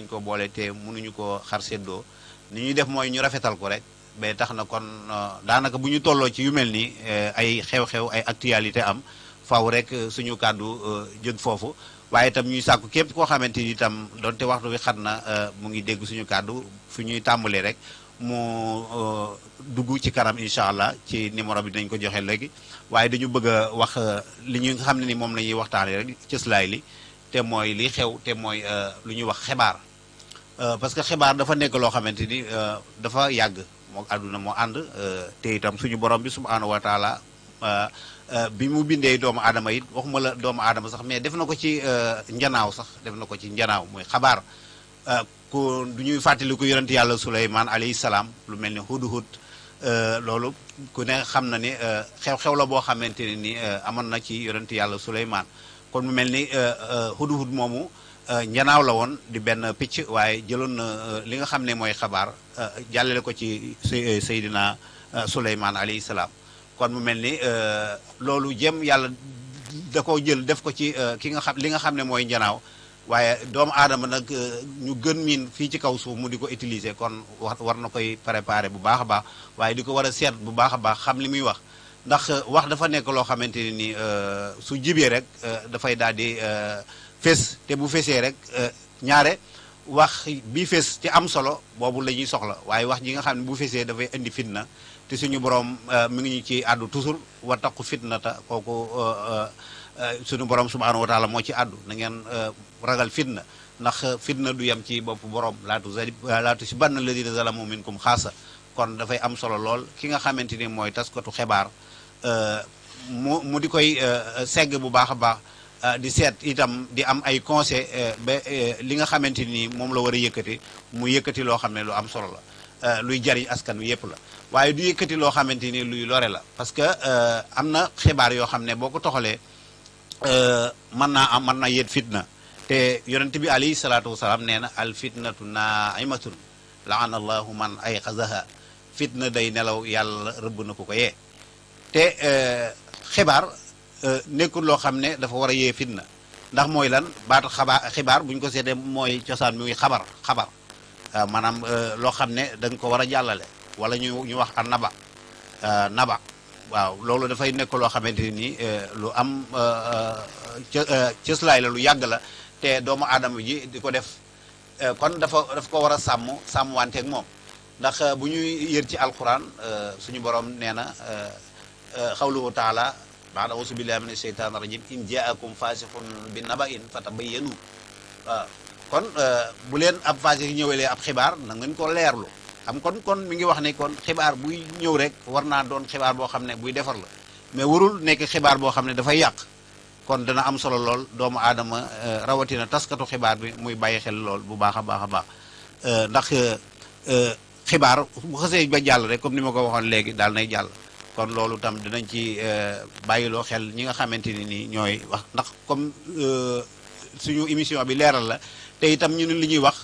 nañ ko boole te mënuñu ko xar seddoo ni ñuy def mooy ñu rafetal ko rek ba tax na kon euh, daanaka bu ñu tolloo ci yu mel ni euh, ay xew-xew ay actualité am faw rek euh, suñu kàddu jóg foofu waaye itam ñuy sàkku képp koo xamante ni itam donte waxtu wi xat na mu ngi dégg suñu kàddu fu ñuy tàmbalee rek mu dugg ci kanam incha allah ci numéro bi dañ ko joxe léegi waaye dañu bëgg a wax li ñu xam ne ni moom la ñuy waxtaanee rek cëslaay li te mooy li xew te mooy lu ñuy wax xibaar Euh, parce que xibaar dafa nekk loo xamante ni euh, dafa yàgg mook àdduna moo ànd euh, te itam suñu borom bi subhaanahu wa taala bi mu bindee doomu adama it waxuma la doomu aadama sax mais def na ko ci njanaaw sax def na ko ci njanaaw mooy xabaar ku du ñuy fàttaliku ko yàlla Suleymaan alayhi salaam lu mel ni hudhud loolu ku ne xam na ni xew-xew la boo xamante ne ni amoon na ci yonent yàlla Suleymaan kon mu mel ni hudhud moomu ñanaaw euh, la woon di benn picc waaye jëloon na euh, li nga xam ne mooy xabaar euh, jàllale ko ci Seydina Suleymaan alayhi salaam kon mu mel ni loolu jëm yàlla da koo jël def ko ci ki nga xam li nga xam ne mooy njanaaw waaye doomu aadama nag ñu gën miin fii ci kaw suuf mu di ko utiliser kon war na koy préparer bu baax a baax waaye di ko war a seet bu baax a baax xam li muy wax ndax wax dafa nekk loo xamante ne ni su jibee rek dafay daal di fés te bu fésee rek euh, ñaare wax bi fés te am solo boobu la ñuy soxla waaye wax ji nga xam ne bu fésee dafay indi fitna te suñu boroom euh, mu ngi ñu ci àddu toujours wa taqu ta kooku euh, suñu borom subhaanahu wa taala moo ci àddu na ngeen ragal fitna ndax fitna du yem ci bopp borom laatu zali laatu si ne ladina zalamu minkum xaasa kon dafay am solo lool ki nga xamante ni mooy taskatu xibaar mu mu di koy segg bu baax a baax Euh, di seet itam di am ay conseil euh, ba euh, li nga xamante ni moom la war a yëkkati mu yëkkati loo xam ne lu am solo la luy jariñ askan wi yëpp la waaye du yëkkati loo xamante ni luy lore la parce que am na xibaar yoo xam ne boo ko toxalee mën naa am mën na yet fitna te yonent bi alayhi salaatu wasalaam nee na al fitnatu naimatun laana allahu man ay xazaha fitna day nelaw yàlla rëbb na ko ko yee te xibaar Euh, nekkul loo xam ne dafa war a yee fitna ndax mooy lan baatu xabaar xibaar bu ñu ko seetee mooy cosaan mi muy xabar xabar euh, maanaam euh, loo xam ne da ko war a jàllale wala ñu ñu wax a naba naba waaw loolu dafay nekk loo xamante ne nii lu am cëslaay la lu yàgg la te doomu aadama ji di ko def kon dafa daf ko war a sàmm sàmm wanteeg moom ndax bu ñuy yër ci alquran suñu borom nee na xawluhu taala na auzu billahi mina sheytaani rajim in jaakum faasixun bi naba'in fatabayyanu waaw ah, kon eh, bu leen ab faasix ñëwelee ab xibaar na ngeen ko leerlu xam kon kon mi ngi wax ne kon xibaar buy ñëw rek war naa doon xibaar boo xam ne buy defar la mais warul nekk xibaar boo xam ne dafa yàq kon dana am solo lool doomu aadama eh, rawatina taskatu xibaar bi muy bàyyi xel lool bu baax a baax a baax eh, ndax xibaar bu xasee ba jàll rek comme ni ma ko waxoon léegi daal nay jàll kon loolu tam dinañ ci euh, bàyyiloo xel ñi nga xamante ni nii ñooy wax ndax comme euh, suñu émission bi leeral la te itam ñu ne li ñuy wax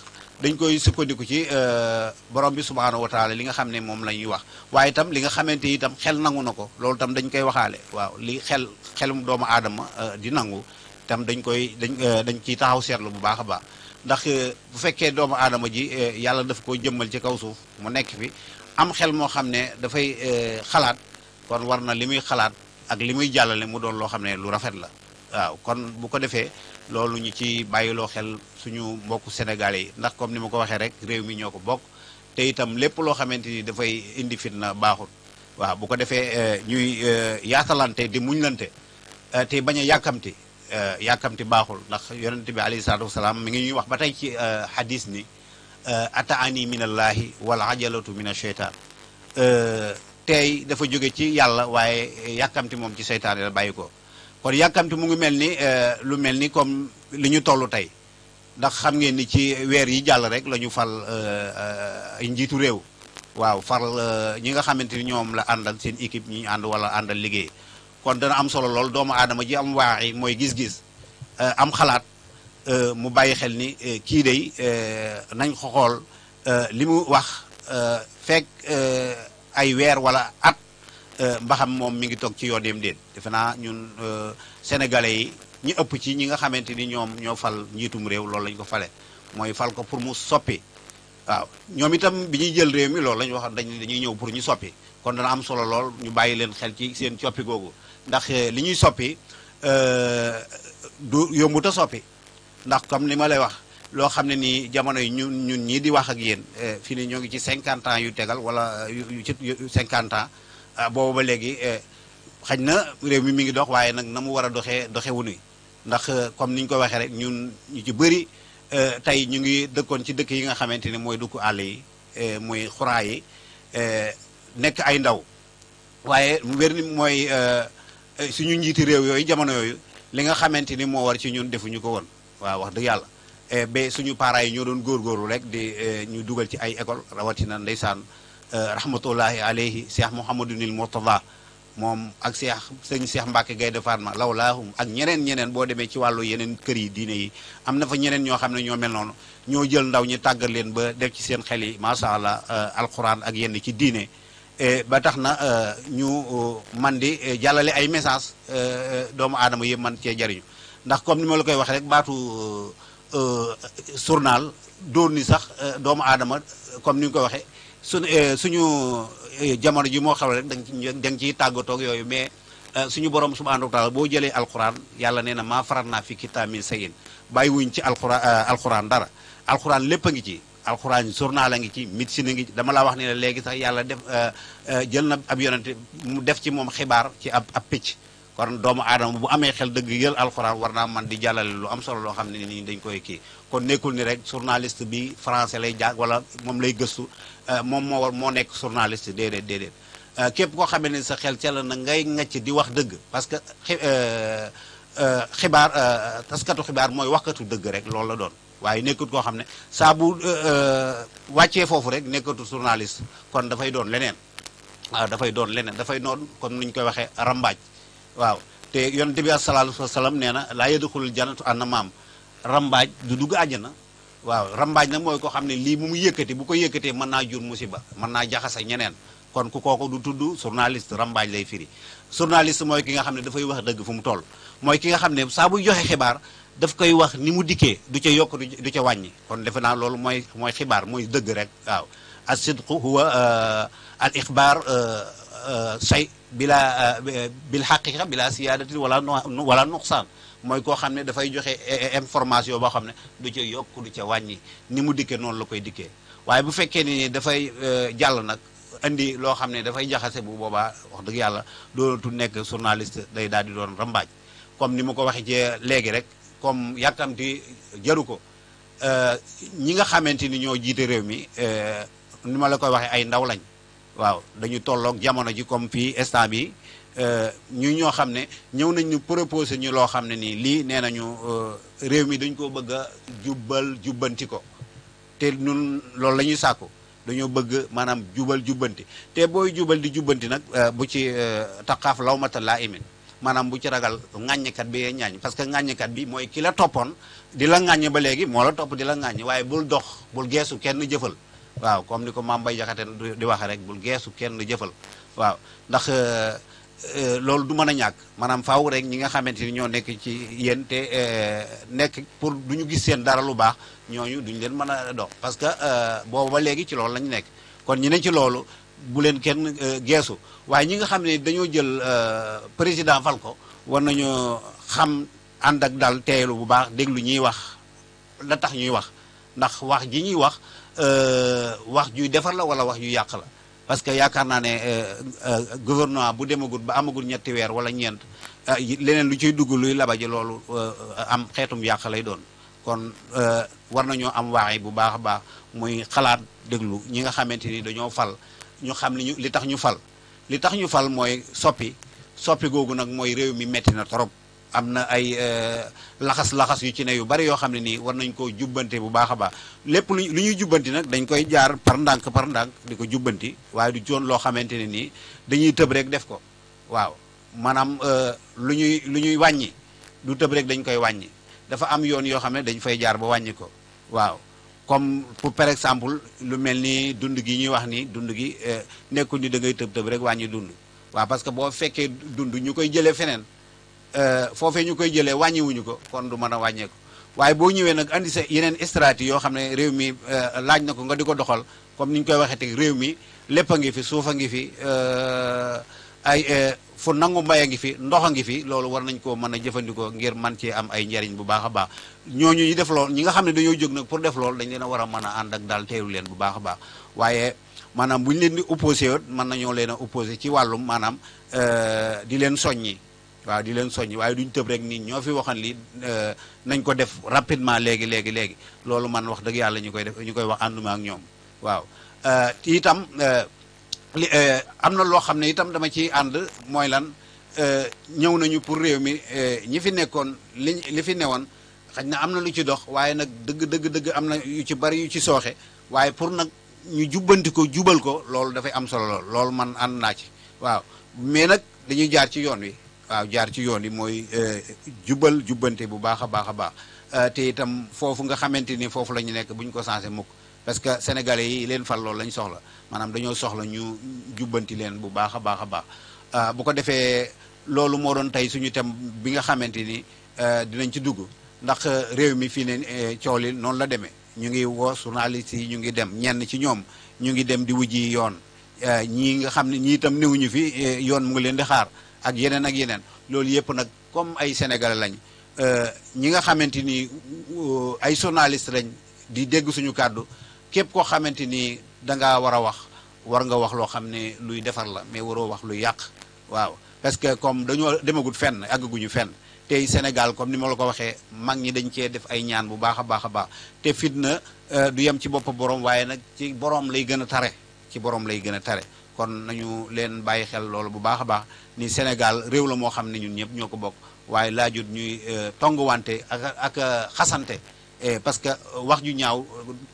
dañ koy sukkandiku ci euh, borom bi subhaanahu wa li nga xam ne moom la ñuy wax waaye itam li nga xamante itam xel nangu na ko loolu tam dañ koy waxaale waaw li xel xelum doomu aadama di nangu tam dañ koy dañ dañ ciy taxaw seetlu bu baax a baax ndax bu fekkee doomu aadama ji yàlla daf ko jëmmal ci kaw suuf mu nekk fi am xel moo xam ne dafay xalaat kon war na li muy xalaat ak li muy jàllale mu doon loo xam ne lu rafet la waaw kon bu ko defee loolu ñu ci bàyyiloo xel suñu mbokk Sénégalais yi ndax comme ni ma ko waxee rek réew mi ñoo ko bokk te itam lépp loo xamante ni dafay indi fitna baaxul waaw bu ko defee euh, ñuy euh, yaatalante di muñlante euh, te bañ a yàkkamti yàkkamti baaxul ndax yonent bi alayhi salaam wasalaam mi ngi ñuy wax ba tey ci hadis ni ataani min allahi wala ajalatu min asheytaan teey dafa jóge ci yàlla waaye yàkkamti moom ci seytaane la bàyyi ko kon yàkkamti mu ngi mel ni euh, lu mel ni comme li ñu toll tey ndax xam ngeen ni ci weer yi jàll rek lañu ñu fal ay euh, euh, njiitu réew waaw fal ñi nga xamante ni ñoom la àndal seen équipe ñu ànd wala àndal liggéey kon dana am solo lool doomu aadama ji am waaxi mooy gis-gis am xalaat mu bàyyi xel ni kii day nañ xool li mu wax fekk ay weer wala at euh, mbaxam moom mi ngi toog ci yoon déet defe naa ñun euh, sénégalais yi ñu ëpp ci ñi nga xamante ni ñoom ñoo fal njiitum réew loolu lañ ko fale mooy fal ko pour mu soppi waaw ñoom itam bi ñuy jël réew mi loolu la ñu wax dañ dañuy ñëw pour ñu soppi kon dana am solo lool ñu bàyyi leen xel ci seen soppi googu ndax euh, li ñuy soppi du yombut a soppi ndax comme ni ma lay wax loo xam ne nii jamono yi ñun ñun ñii di wax ak yéen eh, fii nii ñoo ngi ci 50 ans yu tegal wala yu ci cinquante ans ah, boobu ba léegi eh, xaj na réew mi mi ngi dox waaye nag na mu war a doxee doxee wuñu ndax eh, comme ni ñu ko waxee rek ñun ñu ci bëri tey ñu ngi dëkkoon ci dëkk yi nga xamante ni mooy dugg àll yi muy xuraa yi nekk ay ndaw waaye wér ni mooy suñu njiiti réew yooyu jamono yooyu li nga xamante ni moo war ci ñun defuñu ko woon waaw wax dëgg yàlla. Eh, ba suñu parents yi ñoo doon góorgóorlu rek di eh, ñu dugal ci ay école rawatina ndeysaan eh, rahmatullahi alayhi Cheikh Mouhamadunil Mourtada moom ak Cheikh sëñ Cheikh Mbacke Gaynde Fatma lawlaahum ak ñeneen ñeneen boo demee ci wàllu yeneen kër yi diine yi am na fa ñeneen ñoo xam ne ñoo mel noonu ñoo jël ndaw ñi tàggal leen ba def ci seen xel yi macha allah alquran ak yenn ci diine. ba tax na ñu man di jàllale ay message doomu aadama yëpp man cee jariñu ndax comme ni Euh, journal doon ni sax euh, doomu aadama comme ni nga ko waxee euh, suñu suñu jamono ji moo xam rek da nga ciy tàggatoo yooyu mais suñu borom subhaanahu wa taala boo jëlee alquran yàlla nee na maa farat naa fi kitaab min sayin bàyyi wuñ ci alquran alquran dara alquran lépp ngi ci. alxuraan journal a ngi ci médecine ngi ci dama laa wax ne la léegi sax yàlla def jël na ab yonente def ci moom xibaar ci ab ab picc kon doomu aadama bu amee xel dëgg yël alxuraan war naa man di jàllale lu am solo loo xam ne nii dañ koy kii kon nekkul ni rek journaliste bi français lay jàng wala moom lay gëstu euh, moom moo war moo nekk journaliste déedéet déedéet euh, képp koo xamee ne sa xel sell na ngay ngacc di wax dëgg parce que euh, xibaar taskatu xibaar mooy waxkatu dëgg rek loolu la doon waaye nekkut koo xam ne saa bu wàccee foofu rek nekkatu journaliste kon dafay doon leneen waaw ah, dafay doon leneen dafay doon comme ni koy waxee rambaaj waaw te yoon bi sallallahu alayhi wa sallam nee na laa yadxulul jannatu an maam rambaaj du dugg na waaw rambaaj na mooy ko xam ne lii mu mu yëkkati bu ko yëkkatee mën naa jur musiba mën naa jaxase ñeneen kon ku kooku du tudd journaliste rambaaj lay firi journaliste mooy ki nga xam ne dafay wax dëgg fu mu toll mooy ki nga xam ne saa buy joxe xibaar daf koy wax ni mu dikkee du ca yokk du ca wàññi kon defe naa loolu mooy mooy xibaar mooy dëgg rek waaw as sidqu huwa euh, al bila eh, bil xaqiqa bila siyaadatin wala wala nuqsaan mooy koo xam ne dafay joxe eh, eh, information boo xam ne du ca yokk du ca wàññi ni mu dikkee noonu la koy dikkee waaye bu fekkee ni dafay jàll nag indi loo xam ne dafay jaxase bu boobaa wax dëgg yàlla doonatul nekk journaliste day daal di doon rambaaj comme ni ma ko waxee ci léegi rek comme yàkkamti jaru ko ñi nga xamante ni ñoo jiite réew mi ni ma la koy waxe ay ndaw lañ waaw dañu tollook jamono ji comme fii instant bi euh, ñu ñoo xam ne ñëw nañ ñu ñu loo xam ne nii lii nee nañu euh, réew mi dañ ko bëgg a jubbal jubbanti ko te ñun loolu la ñuy sàkku dañoo bëgg maanaam jubal jubanti te booy jubal di jubanti nag euh, bu ci taqaaf law mata laa imin maanaam bu ci ragal ŋàññikat bi yee ñaañ parce que ŋàññikat bi mooy ki la toppoon di la ŋàññ ba léegi moo la topp di la ŋàññ waaye bul dox bul geesu kenn jëfal waaw comme ni ko maam Baye Jaxate di waxee rek bul geesu kenn jëfal waaw ndax euh, euh, loolu du mën a ñàkk maanaam faaw rek ñi nga xamante ni ñoo nekk ci yéen te euh, nekk pour du ñu gis seen dara lu baax ñooñu duñ leen mën a dox parce que boobu ba léegi ci loolu lañu nekk kon ñu ne ci loolu bu leen kenn geesu waaye ñi nga xam ne dañoo jël président fal ko war nañoo xam ànd ak dal teeylu bu baax déglu ñuy wax la tax ñuy wax ndax wax ji ñuy wax Euh, wax juy defar la wala wax ju yàq la parce que yaakaar naa ne euh, euh, gouvernement bu demagut ba amagul ñetti weer wala ñeent leneen lu ciy dugg luy labaji loolu am xeetum yàq lay doon kon war nañoo am waaye bu baax a baax muy xalaat déglu ñi nga xamante ni dañoo fal ñu xam li li tax ñu fal li tax ñu fal mooy soppi soppi googu nag mooy réew mi metti na trop am na ay euh, laxas-laxas yu ci ne yu bari yoo xam ne nii war nañ koo jubbante bu baax a baax lépp lu lu ñuy jubbanti nag dañ koy jaar par ndànk par ndànk di ko jubbanti waaye du jon loo xamante ne nii dañuy tëb rek def ko waaw maanaam euh, lu ñuy lu ñuy wàññi du tëb rek dañ koy wàññi dafa am yoon yoo xam ne dañ fay jaar ba wàññi ko waaw comme pour par exemple lu mel ni dund gi ñuy wax nii dund gi euh, nekkul ni da ngay tëb tëb rek wàññi dund waaw parce que boo fekkee dund ñu koy jëlee feneen Euh, foofee ñu koy jëlee wàññiwuñu ko kon du mën a wàññeeku waaye boo ñëwee nag andi sa yeneen stratégie yoo xam ne réew mi euh, laaj na ko nga di ko doxal comme ni ñu koy waxee teg réew mi lépp a ngi fi suuf a ngi fi euh, ay fu nangu mbay a ngi fi ndox a ngi fi loolu war nañ koo mën a jëfandikoo ngir man cee am ay njariñ bu baax a baax ñooñu ñu def lool ñi nga xam ne dañoo jóg nag pour def lool dañ leen a war a mën a ànd ak daal teeru leen bu baax a baax waaye maanaam bu ñu leen di opposé woon mën nañoo leen a opposé ci wàllum maanaam di leen soññi waaw di leen soññ waaye duñ tëb rek nit ñoo fi waxoon li eh, nañ ko def rapidement léegi léegi léegi loolu man wax dëgg yàlla ñu koy def ñu koy wax ànduma ak ñoom waaw eh, itam eh, li am na loo xam ne itam dama ci ànd mooy lan ñëw nañu pour réew mi ñi fi nekkoon li li fi newoon xaj na am na lu ci dox waaye nag dëgg dëgg dëgg am na yu ci bari yu ci sooxe waaye pour nag ñu jubbanti ko jubal ko loolu dafay am solo lool loolu man ànd naa ci waaw mais nag dañuy jaar ci yoon wi waaw jaar ci yoon yi mooy euh, jubal jubante bu baax a baax a baax euh, te itam foofu nga xamante ni foofu la ñu nekk bu ñu ko sensé mukk parce que sénégalais yi leen fal loolu lañ soxla maanaam dañoo soxla ñu jubbanti leen bu baax a baax a baax euh, bu ko defee loolu moo doon tey suñu thème bi nga xamante ni dinañ ci dugg ndax réew mi fii ne coow li noonu la demee ñu ngi woo journaliste yi ñu ngi dem ñenn ci ñoom ñu ngi dem di wujji yoon ñi nga xam ne ñii itam néewuñu fi yoon mu ngi leen di xaar ak yeneen ak yeneen loolu yëpp nag comme ay sénégalais lañ euh, ñi nga xamante ni euh, ay journaliste lañ di dégg suñu kàddu képp koo xamante ni da ngaa war a wax war nga wax loo xam ne luy defar la mais waroo wax lu yàq waaw parce que comme dañoo demagut fenn àggaguñu fenn tey Sénégal comme ni ma la ko waxee mag ñi dañ cee def ay ñaan bu baax a baax a baax te fitna euh, du yem ci bopp borom waaye nag ci borom lay gën a tare ci borom lay gën a tare kon nañu leen bàyyi xel loolu bu baax a baax ni Sénégal réew la moo xam ne ñun ñëpp ñoo ko bokk waaye laajut ñuy euh, tong wante ak ak euh, xasante parce que euh, wax ju ñaaw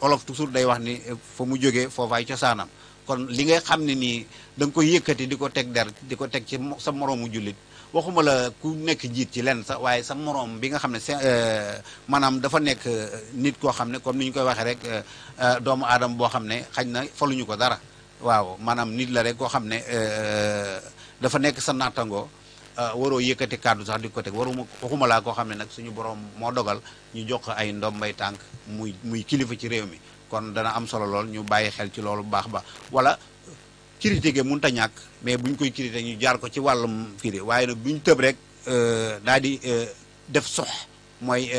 olof toujours day wax ni fo mu jógee foofaay cosaanam kon li nga xam ne nii da koy yëkkati di ko teg der di ko teg ci sa moroomu jullit waxuma la ku nekk jiit ci lenn sax waaye sa moroom bi nga xam ne maanaam dafa nekk nit koo xam ne comme ni ñu koy waxee rek doomu aadama boo xam ne xaj na ñu ko dara waaw maanaam nit la rek koo xam ne euh, dafa nekk sa nattangoo euh, waroo yëkkati kàddu sax di ko teg waruma waxuma laa koo xam ne nag suñu borom moo dogal ñu jox ay ndombay tànk muy muy kilifa ci réew mi kon dana am solo lool ñu bàyyi xel ci loolu bu baax ba wala critiquer mënut a ñàkk mais bu ñu koy critiquer ñu jaar ko ci wàllum de waaye nag bu ñu tëb rek euh, daa di def sox mooy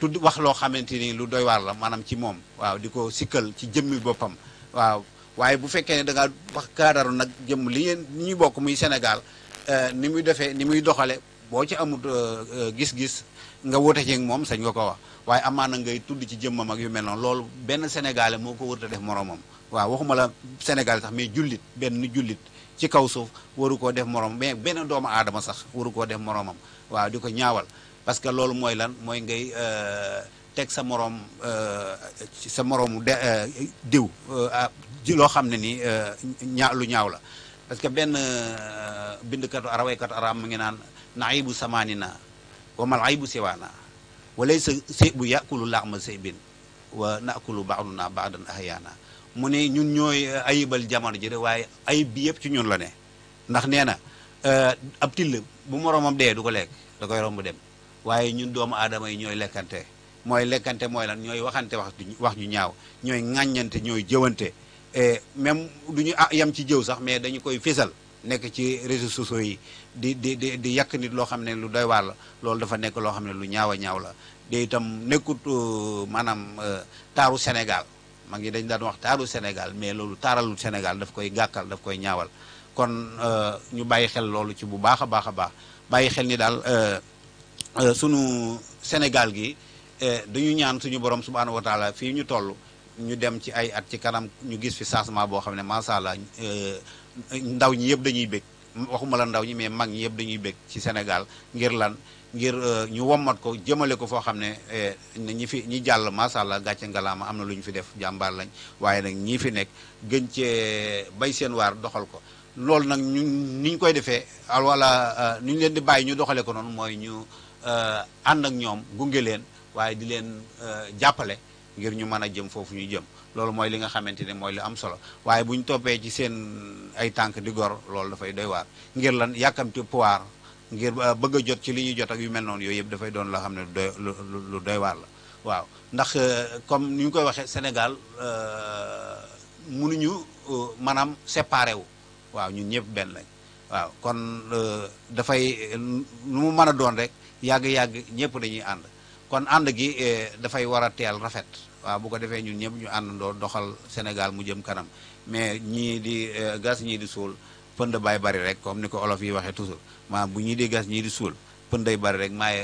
tudd wax loo xamante ni lu doy waar la maanaam ci moom waaw di ko sikkal ci jëmmi boppam waaw waaye bu fekkee ne da wax kaadaru nag jëm li ngeen li bokk muy Sénégal euh, ni muy defee ni muy doxale boo ci amut euh, euh, gis-gis nga wute ci moom sañ nga ko wax waaye amaana ngay tudd ci jëmmam ak yu mel noonu loolu benn sénégalais moo ko wërta def moromam waaw waxuma la sénégalais sax mais jullit benn jullit ci kaw suuf waru koo def moromam mais benn doomu aadama sax waru koo def moroomam waa di ko ñaawal parce que loolu mooy lan mooy ngay teg sa moroom euh, sa moroomu de euh, diw euh, ah, loo xam ne ni ñaa lu ñaaw la parce que benn bindkatu arawaykatu araam mu ngi naan naibu samaanina wa mal aybu siwaana wa laysa sebu yakulu laxma sebin wa nakulu baaduna baadan ahyaana mu ne ñun ñooy ayibal jamono ji waaye ayib bi yëpp ci ñun la ne ndax nee na ab till bu moroomam dee du ko lekk da koy romb dem waaye ñun doomu aadama yi ñooy lekkante mooy lekkante mooy lan ñooy waxante wax wax ju ñaaw ñooy ŋàññante ñooy jëwante eh, même du ñu ah, yam ci jëw sax mais dañu koy fésal nekk ci réseau sociaux yi di di di di yàq nit loo xam ne lu doy waar la loolu dafa nekk loo xam ne lu ñaaw a ñaaw la de itam nekkut euh, maanaam euh, taaru Sénégal ma ngi dañ daan wax taaru Sénégal mais loolu taaralul Sénégal daf koy gàkkal daf koy ñaawal kon euh, ñu bàyyi xel loolu ci bu baax a baax a baax bàyyi xel ni daal sunu Sénégal gi Eh, dañu ñaan suñu borom subhaanahu wa fii ñu toll ñu dem ci ay at ci kanam ñu gis fi changement boo xam ne macha allah eh, ndaw ñi yëpp dañuy bég waxuma la ndaw ñi mais mag ñi yëpp dañuy bég ci Sénégal ngir lan ngir eh, ñu wommat ko jëmale ko foo xam ne ñi fi ñi jàll macha allah gàcce ngalaama am na lu ñu fi def jàmbaar lañ waaye nag ñii fi nekk gën cee bay seen waar doxal ko loolu nag ñu ni koy defee wala nu ñu leen di bàyyi ñu doxale ko noonu mooy ñu ànd ak ñoom gunge leen waaye di leen euh, jàppale ngir ñu mën a jëm foofu ñu jëm loolu mooy li nga xamante ne mooy li am solo waaye bu ñu toppee ci seen ay tànk di gor loolu dafay doy waar ngir lan yàkkamti pouvoir ngir euh, bëgg a jot ci li ñuy jot ak yu mel noonu yooyu yëpp dafay doon loo xam ne doy lu doy waar la waaw ndax euh, comme ni ñu koy waxee Sénégal mënuñu maanaam séparé wu waaw ñun ñëpp benn lañ waaw kon dafay nu mu mën a doon rek yàgg-yàgg ñëpp dañuy ànd kon ànd gi e, dafay war a teel rafet waaw bu ko defee ñun ñëpp ñu àndandoo doxal Sénégal mu jëm kanam mais ñii di e, gas ñii di suul pënd bay bari rek comme ni ko olof yi waxee toujours maanaam bu ñii di gas ñii di suul pënd day bari rek maaye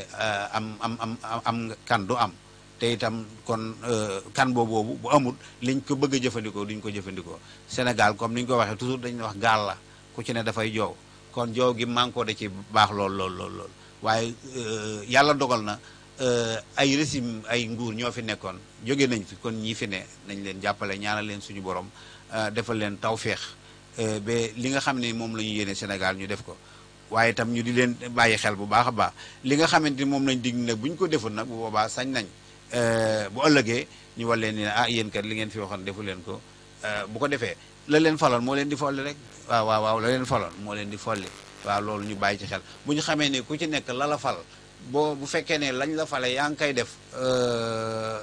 am am am am kan du am te itam kon e, kan boobu bu amul liñ ko bëgg a jëfandikoo duñ ko jëfandikoo Sénégal comme ni ñu ko waxee toujours dañuy wax gaal la ku ci ne dafay joow kon joow gi manko de ci baax lool lool lool lool waaye yàlla dogal na. Euh, ay régime ay nguur ñoo fi nekkoon jóge nañ fi kon ñii fi ne nañ leen jàppale ñaana leen suñu borom euh, defal leen tawféex euh, ba li nga xam ne moom la ñu yéene Sénégal ñu def ko waaye itam ñu di leen bàyyi xel bu baax a baax li nga xamante ni moom lañ digg nag buñ ko defoon nag bu boobaa sañ nañ bu ëllëgee ñu war leen ni ah yéen kat li ngeen fi waxoon defu leen ko bu ko defee la leen faloon moo leen di folli rek waaw leen faloon moo leen di folli loolu ñu bàyyi ci xel bu ñu xamee ne ku ci nekk la fal boo bu fekkee ne lañ la fale yaa ngi koy def euh,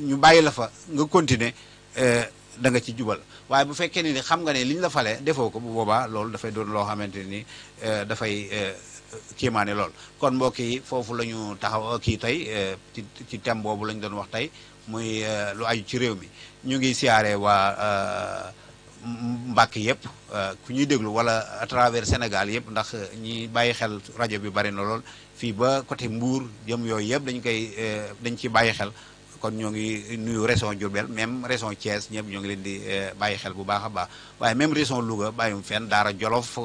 ñu bàyyi la fa nga continuer euh, da nga ci jubal waaye bu fekkee ni xam nga ne liñ la fale defoo ko bu boobaa loolu dafay doon loo xamante ni euh, dafay kiimaane lool kon mbokk yi foofu la ñu taxaw kii tey ci ci thème boobu la doon wax tey muy lu aju ci réew mi ñu ngi siyaare waa mbakk yëpp Euh, ku ñuy déglu wala à travers Sénégal yëpp ndax euh, ñi bàyyi xel rajo bi bari na lool fii ba côté Mbour jëm yooyu yëpp dañ koy euh, dañ ci bàyyi xel kon ñoo ngi nuyu région Diourbel même région Thiès ñëpp ñoo ngi leen di bàyyi xel bu baax a baax waaye même région Louga bàyyum fen Daara Jolof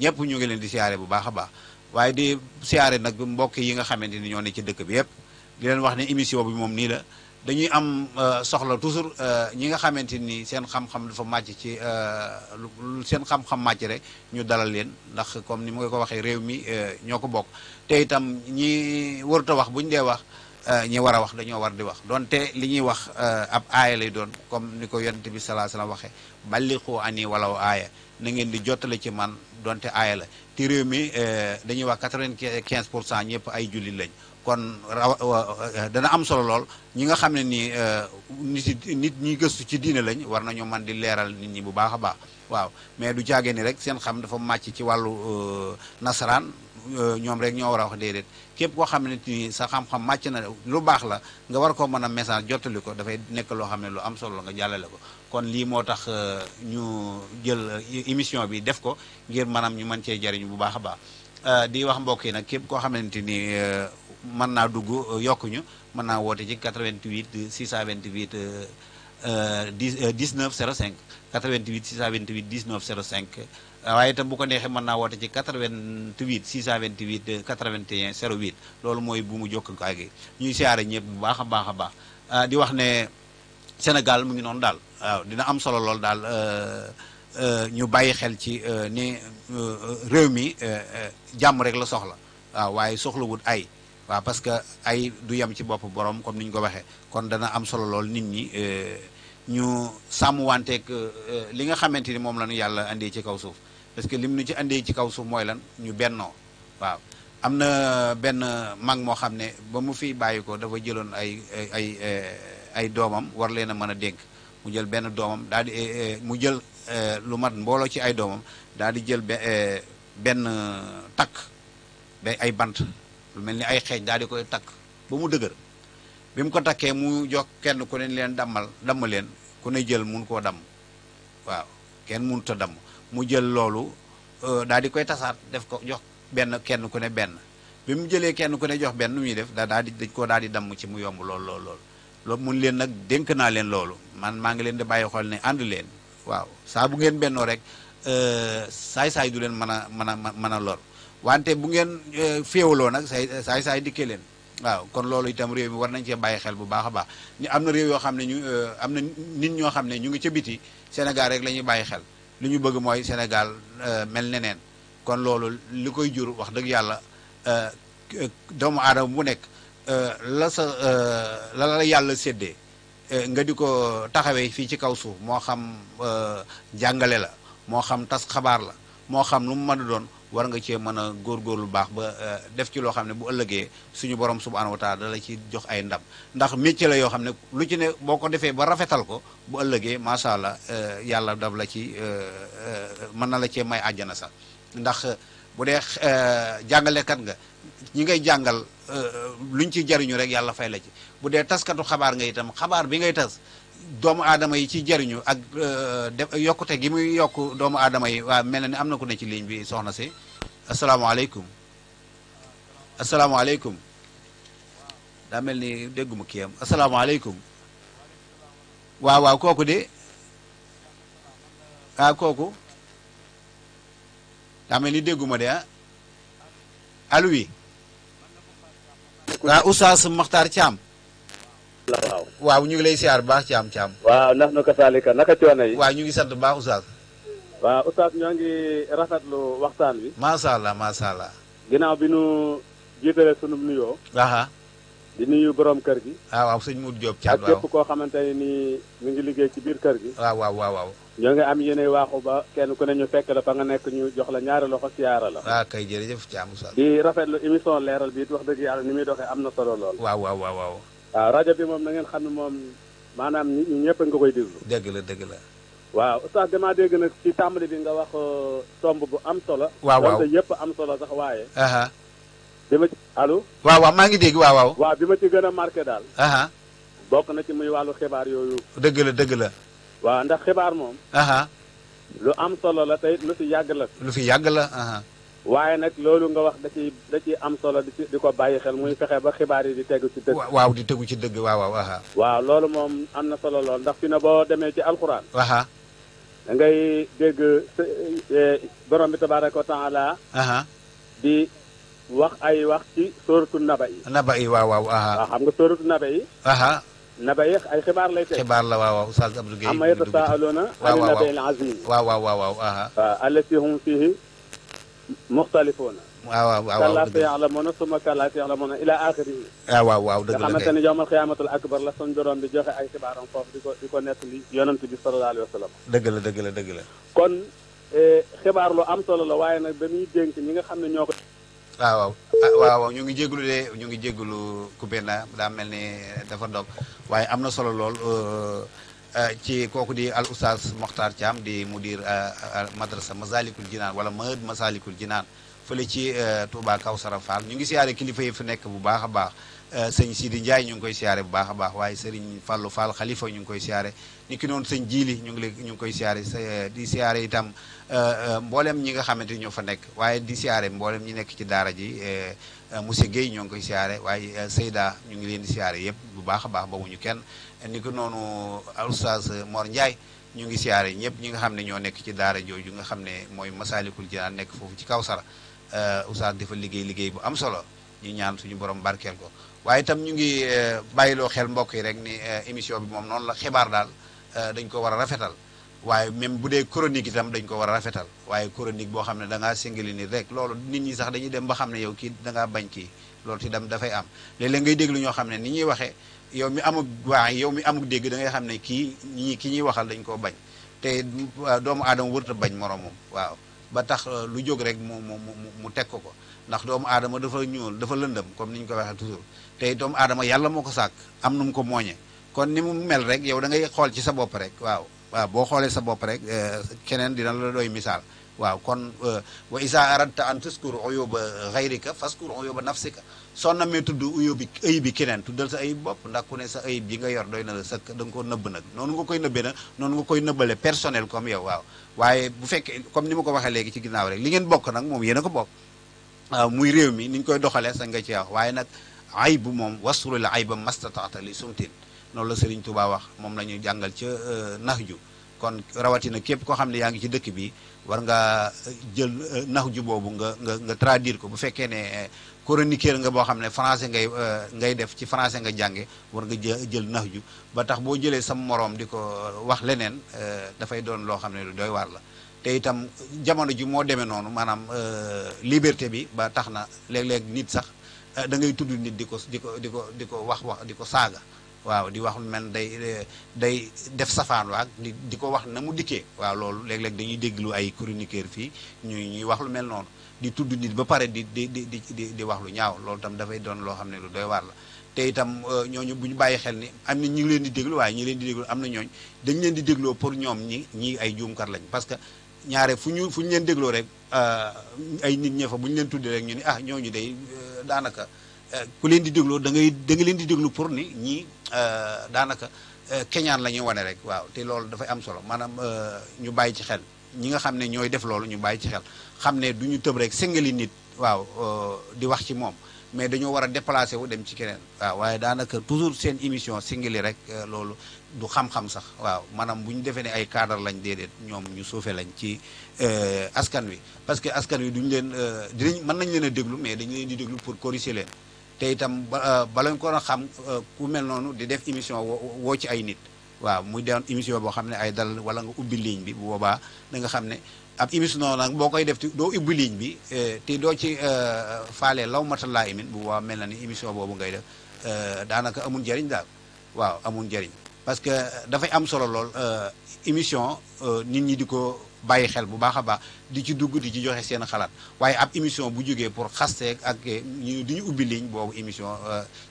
ñëpp ñoo ngi leen di siyaare bu baax a baax waaye di siyaare nag mbokk yi nga xamante ni ñoo ne ci dëkk bi yëpp di leen wax ne émission bi moom nii la dañuy am euh, soxla toujours euh, ñi nga xamante ni seen xam-xam dafa màcc ci euh, lu seen xam-xam màcc rek ñu dalal leen ndax comme ni ma ko waxee réew mi ñoo ko bokk te itam ñi warut a wax bu ñu dee wax ñi war a wax dañoo war di wax donte li ñuy wax ab aaya lay doon comme ni ko yonent bi salaa salaam waxee balliqu ani walaw aaya na ngeen di jottale ci man donte aaya la te réew mi dañuy wax quatre-vingt-quinze pour cent ñëpp ay jullit lañ kon eh, dana am solo lool ñi nga xam ne nii eh, nit nit ñi gëstu ci diine lañ war nañu man di leeral nit ñi bu baax a baax waaw mais du jaage ni rek seen xam dafa màcc ci wàllu eh, nasaraan ñoom rek ñoo war a wax déedéet képp koo xam ne ni sa xam-xam màcc na lu baax la nga war koo mën a message jottali ko dafay nekk loo xam ne lu am solo nga jàllale ko kon lii moo tax ñu jël émission bi def ko ngir maanaam ñu mën cee jariñ bu baax a baax di wax mbokk yi nag képp koo xamante ni mën naa dugg euh, yokk ñu mën naa woote ci vingt 88 628 a 19 05 88 628 19 05 waaye itam bu ko neexee mën naa woote ci a 88 628 81 08 loolu mooy bu mu jokk gaa gi ñuy siyaare ñëpp bu baax a baax a baax euh, di wax ne Sénégal mu ngi noonu daal waaw dina am solo lool daal euh, ñu bàyyi xel ci ni réew mi jàmm rek la soxla waaw waaye soxlawut ay waaw parce que ay du yem ci bopp borom comme ni ñu ko waxe kon dana am solo lool nit ñi euh, ñu sàmm wanteeg euh, euh, li nga xamante ni moom la ñu yàlla andee ci kaw suuf parce que lim nu ci andee ci kaw suuf mooy lan ñu bennoo waaw am na benn mag moo xam ne ba mu fi bàyyi ko dafa jëloon ay ay ay doomam war leen a mën a dénk mu jël benn doomam daal di eh, eh, mu jël eh, lu mat mbooloo ci ay doomam daal di jël benn takk ba ay bant lu mel ni ay xeej daal di koy takk ba mu dëgër bi mu ko takkee mu jox kenn ku ne leen dammal damm leen ku ne jël mun koo damm waaw kenn mënut a damm mu jël loolu euh, daal di koy tasaat def ko jox benn kenn ku ne benn bi mu jëlee kenn ku ne jox benn nu muy def da daal di dañ koo daal di damm ci mu yomb lool lool lool loolu mun leen nag dénk naa leen loolu man maa ngi leen di bàyyi xool ne ànd leen waaw saa bu ngeen bennoo rek euh, saay-saay du leen mën a mën a mën a lor wante bu ngeen eh, féewaloo nag say saay saay dikkee leen waaw kon loolu itam réew mi war nañ cee bàyyi xel bu baax a baax ni am na réew yoo xam ne ñu eh, am na nit ñoo xam ne ñu ngi ca biti Sénégal rek la ñuy bàyyi xel lu ñu bëgg mooy Sénégal eh, mel neneen kon loolu li koy jur wax dëgg yàlla doomu aadama bu nekk la sa la la yàlla séddee nga di ko taxawee fii ci kaw suuf moo xam jàngale la moo xam tas xabaar la moo xam lu mu mën a doon war nga cee mën a góor góorgóorlu baax ba euh, def ci loo xam ne bu ëllëgee suñu borom subhanahu wa taala dala ci jox ay ndam ndax métier la yoo xam ne lu ci ne boo ko defee ba rafetal ko bu ëllëgee macha allah euh, yàlla daf la ci euh, mën na la cee may àjjana sax ndax bu dee jàngalekat nga ñi ngay jàngal lu luñ ci jariñu rek yàlla fay la ci bu dee taskatu xabaar nga itam xabaar bi ngay tas doomu aadama yi ci jariñu ak euh, def yokkute gi muy yokk doomu aadama yi waaw mel na ni am na ku ne ci ligne bi soxna si asalaamaaleykum asalaamaaleykum daa mel ni dégguma kii am waaw waaw kooku de ah kooku daa mel ni dégguma de ah allo oui waaw Oustaz Makhtar waaw ñu ngi lay siyaar baax ci am ci am waaw ndax nu ko saalika naka coono yi waaw ñu ngi sant baax oustaz waaw oustaz ñoo ngi rafetlu waxtaan wi macha allah macha allah ginnaaw bi nu jiitale sunu nuyoo aha di nuyu borom kër gi waaw ah, waaw sëñ Moudou Diop Thiam waaw koo xamante ne nii mi ngi liggéey ci biir kër gi waaw waaw waaw ñoo ngi am yéene waaxu ba kenn ku ne ñu fekk la fa nga nekk ñu jox la ñaari loxo siyaara la waaw ah, kay jërëjëf Thiam oustaz di rafetlu émission leeral bi wax dëgg yàlla ni muy doxee am na solo lool waaw rajo bi moom na xam ne moom maanaam ñu ñëpp nga koy déglu. dëgg la dëgg la. waaw oustaz damaa dégg nag ci tàmbali bi nga wax euh, tomb bu am solo. waaw waaw yëpp am solo sax waaye. bi ma waaw maa ngi dégg waaw waaw. bi ma ci gën a marqué daal. bokk na ci muy wàllu xibaar yooyu. dëgg la dëgg la. waaw ndax xibaar moom. lu am solo la tey lu fi yàgg la. lu fi yàgg la. waaye nag loolu nga wax da ciy da ciy am solo di di ko bàyyi xel muy fexe ba xibaar yi di tegu ci dëgg. waaw di tegu ci dëgg waaw waaw. waaw loolu moom am na solo lool ndax fi na boo demee ci alxuraan. da ngay eh, bi tabaaraka wa taala di wax ay wax ci sóoratu naba yi. naba yi waaw waaw. waaw xam nga sóoratu naba yi. naba yi ay xibaar lay teg xibaar la waaw waaw Oustaz Abdou am na yatasaa'aluuna. waaw waaw waaw ani nabaa'il aziim. waaw waaw waaw. allati hum fiihi muxtalifuuna waaw waaw waaw kallaa a ya'lamuuna summa kallaa sa ya'lamuuna ilaa aaxirihi waaw waaw waaw dëgg la nga xamante ni yawmal xiyaamatul akbar la suñ borom bi joxe ay xibaaram foofu di ko di ko nettali yonent bi sallallahu alayhi wa sallam dëgg la dëgg la dëgg la kon xibaar lu am solo la waaye nag ba muy dénk ñi nga xam ne ñoo ko waaw waaw ñu ngi jégalu de ñu ngi jégalu ku benn daa mel ni dafa dog waaye am na solo lool Euh, ci kooku di al oustaz Mokhtar Thiam di mudir euh, madrasa Masalikul Jinaan wala mahad Masalikul Jinaan fële ci euh, Touba Kawsara Fall ñu ngi siyaare kilifa yi fu nekk bu baax a baax Euh, sëñ Sidi Ndiaye ñu ngi koy siyaare bu baax a baax waaye sëriñ Fallou Fall xalifa ñu ngi koy siyaare ni ki noonu sëñ Jili ñu ngi lay ñu ngi koy siyaare euh, di siyaare itam euh, mboolem ñi nga xamante ni ñoo fa nekk waaye di siyaare mbooleem ñu nekk ci daara ji monsieur Guèye ñoo ngi koy siyaare waaye Seyda ñu ngi leen di siyaare yëpp bu baax a baax ba ñu kenn ni ki noonu oustaz Mor Ndiaye ñu ngi siyaare ñëpp ñi nga xam ne ñoo nekk ci daara jooju nga xam ne mooy Masaalikul Jinaan nekk foofu ci Kawsara oustaz dafa liggéey liggéey bu am solo ñu ñaan suñu borom barkeel ko waaye itam ñu ngi eh, bàyyiloo xel mbokk yi rek ni eh, émission bi moom noonu la xibaar daal eh, dañ ko war a rafetal waaye même bu dee chronique itam dañ ko war a rafetal waaye chronique boo xam ne da ngaa singali nit rek loolu nit ñi sax dañuy dem ba xam ne yow kii da bañ kii loolu ci dem dafay am léeg ngay déglu ñoo xam ne ni ñuy waxee yow mi amug waa yow mi amug dégg da ngay xam ne kii ñi ki ñuy waxal dañ koo bañ te doomu aadama wërta bañ moromam waaw ba tax lu jóg rek mu mu mu teg ko ko ndax doomu aadama dafa ñuul dafa lëndëm comme ni ñu ko waxee toujours te doomu aadama yàlla moo ko sàkk am nu mu ko mooñe kon ni mu mel rek yow da ngay xool ci sa bopp rek waaw waaw boo xoolee sa bopp rek euh, keneen dina la doy misaal waaw kon euh, wa isa aradta an taskur uyuba xayrika faskur uyuba nafsika soo namee tudd uyubi ayib bi keneen tuddal sa ayib bopp ndax ku ne sa ayib yi nga yor doy na la sa da nga koo nëbb nag noonu nga koy nëbbee nag noonu nga koy nëbbale personnel comme yow waaw waaye bu fekkee comme ni ma ko waxee léegi ci ginnaaw rek li ngeen bokk nag moom yéen a ko bokk waaw muy réew mi ni ñu koy doxalee sa nga ci aw waaye nag aybu moom la wasurul ayba mastataata li sumtin noonu la Serigne Touba wax moom la ñu jàngal ca euh, ju kon rawatina képp koo xam ne yaa ngi ci dëkk bi war nga euh, jël euh, naxju boobu nga nga nga traduire ko bu fekkee ne chroniqueur nga boo xam ne français ngay ngay def ci français nga jànge war nga jël naxju ba tax boo jëlee sam moroom di ko wax leneen dafay doon loo xam ne lu doy waar la te itam jamono ji moo demee noonu maanaam liberté bi ba tax na léeg-léeg nit sax Eh, da ngay tudd nit di ko di ko di ko di wax wax di ko saaga waaw di wax man day day def safaan waag di ko wax na mu dikkee waaw loolu léeg-léeg dañuy déglu ay chroniqueur fii ñuy ñuy wax lu noonu di tudd nit ba pare di di di di di wax lu ñaaw loolu itam dafay doon loo xam ne lu doy la te itam eh, ñooñu bu ñu bàyyi xel ni am na ñu ngi leen di déglu waaye ñi leen di déglu am na ñooñ leen di dégloo pour ñoom ñi ñi ay juumkat lañ parce que ñaare fu ñu fu ñu leen dégloo rek eh, ay nit ñe fa bu ñu leen tuddee rek ñu ni ah ñooñu day daanaka eh, ku leen di déglu da ngay da nga leen di déglu pour ni ñii eh, daanaka eh, keñaan la ñuy wane rek waaw te loolu dafay am solo maanaam ñu bàyyi ci xel ñi nga xam ne ñooy def loolu ñu bàyyi ci xel xam ne du ñu tëb rek sëngali nit waaw di wax ci moom mais dañoo war a déplacé wu dem ci keneen waaw waaye daanaka toujours seen émission singili rek euh, loolu du xam-xam sax waaw maanaam bu ñu defee ne ay cadre lañ déedéet ñoom ñu suufee lañ ci euh, askan wi parce que askan wi duñ leen euh, dinañ mën nañ leen a déglu mais dañu leen di déglu pour corriger leen te itam balañ kon a xam ku mel noonu di def émission woo ci ay nit waaw muy doon émission boo xam ne ay dal wala nga ubbi ligne bi bu boobaa da nga xam ne ab émission noonu nag boo koy def doo ubbi ligne bi eh, te doo ci eh, faale law matal laa imin bu boobaa mel na ni émission boobu ngay def eh, daanaka amul njëriñ daal waaw amul njëriñ parce que dafay am solo lool émission nit ñi di ko bàyyi xel bu baax a baax di ci dugg di ci joxe seen xalaat waaye ab émission bu jógee pour xasteeg ak ñu di ñu ubbi ligne boobu émission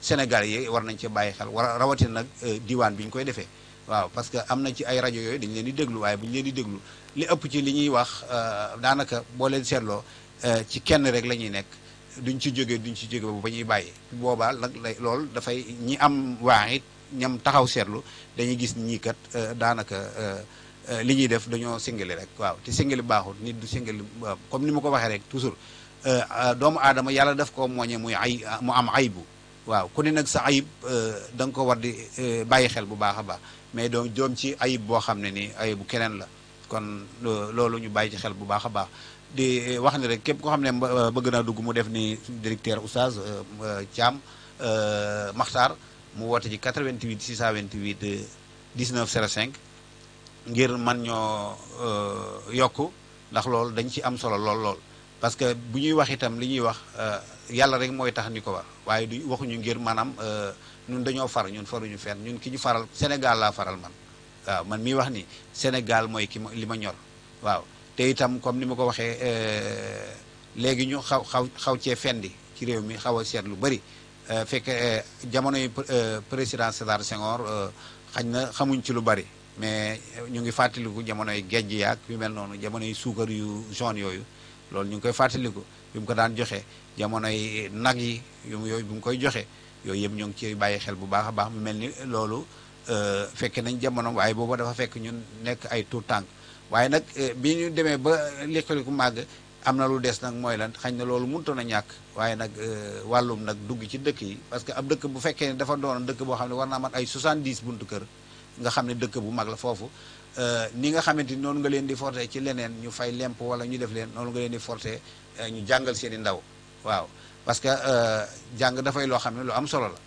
Sénégal yi war nañ ci bàyyi xel war rawatina nag diwaan bi ñu koy defee. waaw parce que am na ci ay rajo yooyu dañu leen di déglu waaye bu ñu leen di déglu li ëpp ci li ñuy wax euh, daanaka boo leen seetloo euh, ci kenn rek la ñuy nekk duñ ci jógee duñu ci jóge ba ñuy bàyyi boobaal nag lay loolu dafay ñi am waax ñam taxaw seetlu dañuy gis ñii kat euh, daanaka li ñuy def dañoo singali rek waaw te singali baaxul nit du singali comme ni ma ko waxee rek toujours doomu aadama yàlla daf koo mooñe muy ay mu am aybu waaw ku ne nag sa ayib da nga ko war di bàyyi xel bu baax a baax mais doom doom ci ayib boo xam ne ni ayibu keneen la kon loolu ñu bàyyi ci xel bu baax a baax di eh, wax ni rek képp koo xam ne eh, bëgg naa dugg mu def ni directeur oustaz eh, Thiam Makhtar mu woote ci 88 628 19 05 ngir man ñoo yokk ndax loolu dañ ci am solo lool lool parce que bu ñuy wax itam li ñuy wax yàlla rek mooy tax ni ko wax waaye du waxuñu ngir maanaam ñun dañoo far ñun faruñu fenn ñun ki ñu faral Sénégal laa faral man waaw man mii wax ni Sénégal mooy ki ma li ma ñor waaw te itam comme ni ma ko waxee euh, léegi ñu xaw xaw xaw cee fendi ci réew mi xaw a seet lu bëri euh, fekk euh, jamono yi président Sédar Senghor xañ na xamuñ ci lu bëri mais ñu ngi fàttaliku jamono yi gejj yaak yu mel noonu jamono yi suukar yu jaune yooyu loolu ñu ngi koy fàttaliku bi mu ko daan joxe jamono yi nag yi yooyu bi mu koy joxe yooyu yëpp ñoo ngi ciy bàyyi xel bu baax a baax mu mel ni loolu euh, fekke nañ jamono waaye booba dafa fekk ñun nekk ay tout tànk waaye nag euh, bi ñu demee ba léqaliku màgg am na lu des nag mooy lan xañ na loolu mënutoon a ñàkk waaye nag euh, wàllum nag dugg ci dëkk yi parce que ab dëkk bu fekkee ne dafa doon dëkk boo xam ne war naa mat ay 70 buntu kër nga xam ne dëkk bu mag la foofu ni nga xamante ni noonu nga leen di forte ci leneen ñu fay lemp wala ñu def leen noonu nga leen di forte ñu jàngal seen i ndaw waaw parce que euh, jàng dafay loo xam ne lu am solo la